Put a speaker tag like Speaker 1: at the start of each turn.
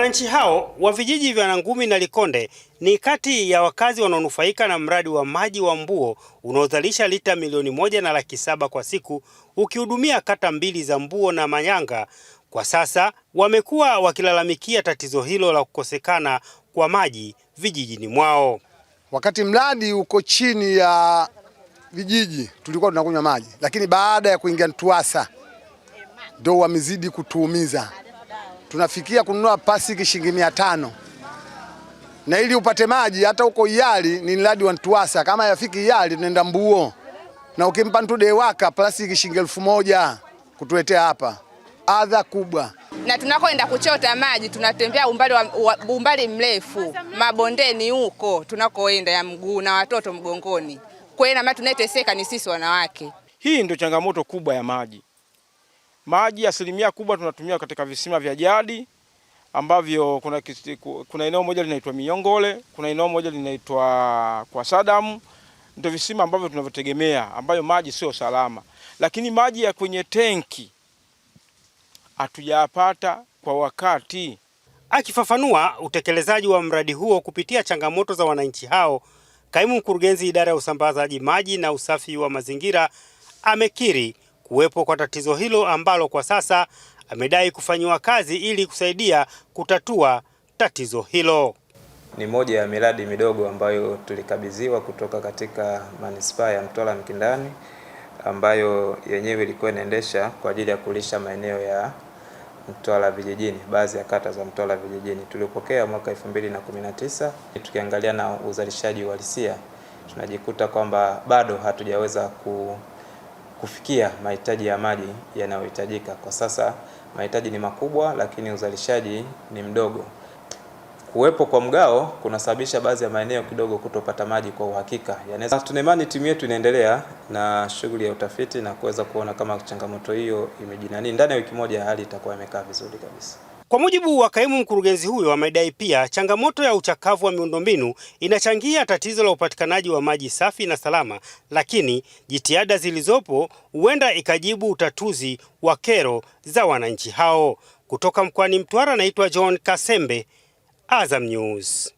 Speaker 1: Wananchi hao wa vijiji vya Nangumi na Likonde ni kati ya wakazi wanaonufaika na mradi wa maji wa Mbuo unaozalisha lita milioni moja na laki saba kwa siku ukihudumia kata mbili za Mbuo na Manyanga. Kwa sasa wamekuwa wakilalamikia tatizo hilo la kukosekana kwa maji vijijini mwao.
Speaker 2: Wakati mradi uko chini ya vijiji tulikuwa tunakunywa maji, lakini baada ya kuingia Ntuwasa ndio wamezidi kutuumiza tunafikia kununua pasiki shilingi mia tano na ili upate maji hata huko Iyali ni mradi wa Ntuwasa, kama yafiki Iyali tunaenda Mbuo, na ukimpa Ntude waka plastiki shilingi elfu moja kutuletea hapa, adha kubwa.
Speaker 3: Na tunakoenda kuchota maji tunatembea umbali, wa, umbali mrefu mabondeni huko tunakoenda ya mguu na watoto mgongoni, kwa maana tunayeteseka ni sisi wanawake.
Speaker 4: Hii ndio changamoto kubwa ya maji. Maji asilimia kubwa tunatumia katika visima vya jadi ambavyo kuna, kuna eneo moja linaitwa Miongole, kuna eneo moja linaitwa kwa Sadamu, ndio visima ambavyo tunavyotegemea ambayo maji sio salama, lakini maji ya kwenye tenki hatujayapata kwa wakati.
Speaker 1: Akifafanua utekelezaji wa mradi huo kupitia changamoto za wananchi hao, kaimu mkurugenzi idara ya usambazaji maji na usafi wa mazingira amekiri kuwepo kwa tatizo hilo ambalo kwa sasa amedai kufanyiwa kazi ili kusaidia kutatua tatizo hilo.
Speaker 5: Ni moja ya miradi midogo ambayo tulikabidhiwa kutoka katika manispaa ya Mtwara Mkindani ambayo yenyewe ilikuwa inaendesha kwa ajili ya kulisha maeneo ya Mtwara vijijini, baadhi ya kata za Mtwara vijijini. Tulipokea mwaka 2019 tukiangalia na uzalishaji wa lisia tunajikuta kwamba bado hatujaweza ku kufikia mahitaji ya maji yanayohitajika. Kwa sasa mahitaji ni makubwa, lakini uzalishaji ni mdogo. Kuwepo kwa mgao kunasababisha baadhi ya maeneo kidogo kutopata maji kwa uhakika. Yaani, imani timu yetu inaendelea na shughuli ya utafiti na kuweza kuona kama changamoto hiyo imejinani, ndani ya wiki moja hali itakuwa imekaa vizuri kabisa.
Speaker 1: Kwa mujibu wa kaimu mkurugenzi huyo, amedai pia changamoto ya uchakavu wa miundombinu inachangia tatizo la upatikanaji wa maji safi na salama, lakini jitihada zilizopo huenda ikajibu utatuzi wa kero za wananchi hao. Kutoka mkoani Mtwara, naitwa John Kasembe, Azam News.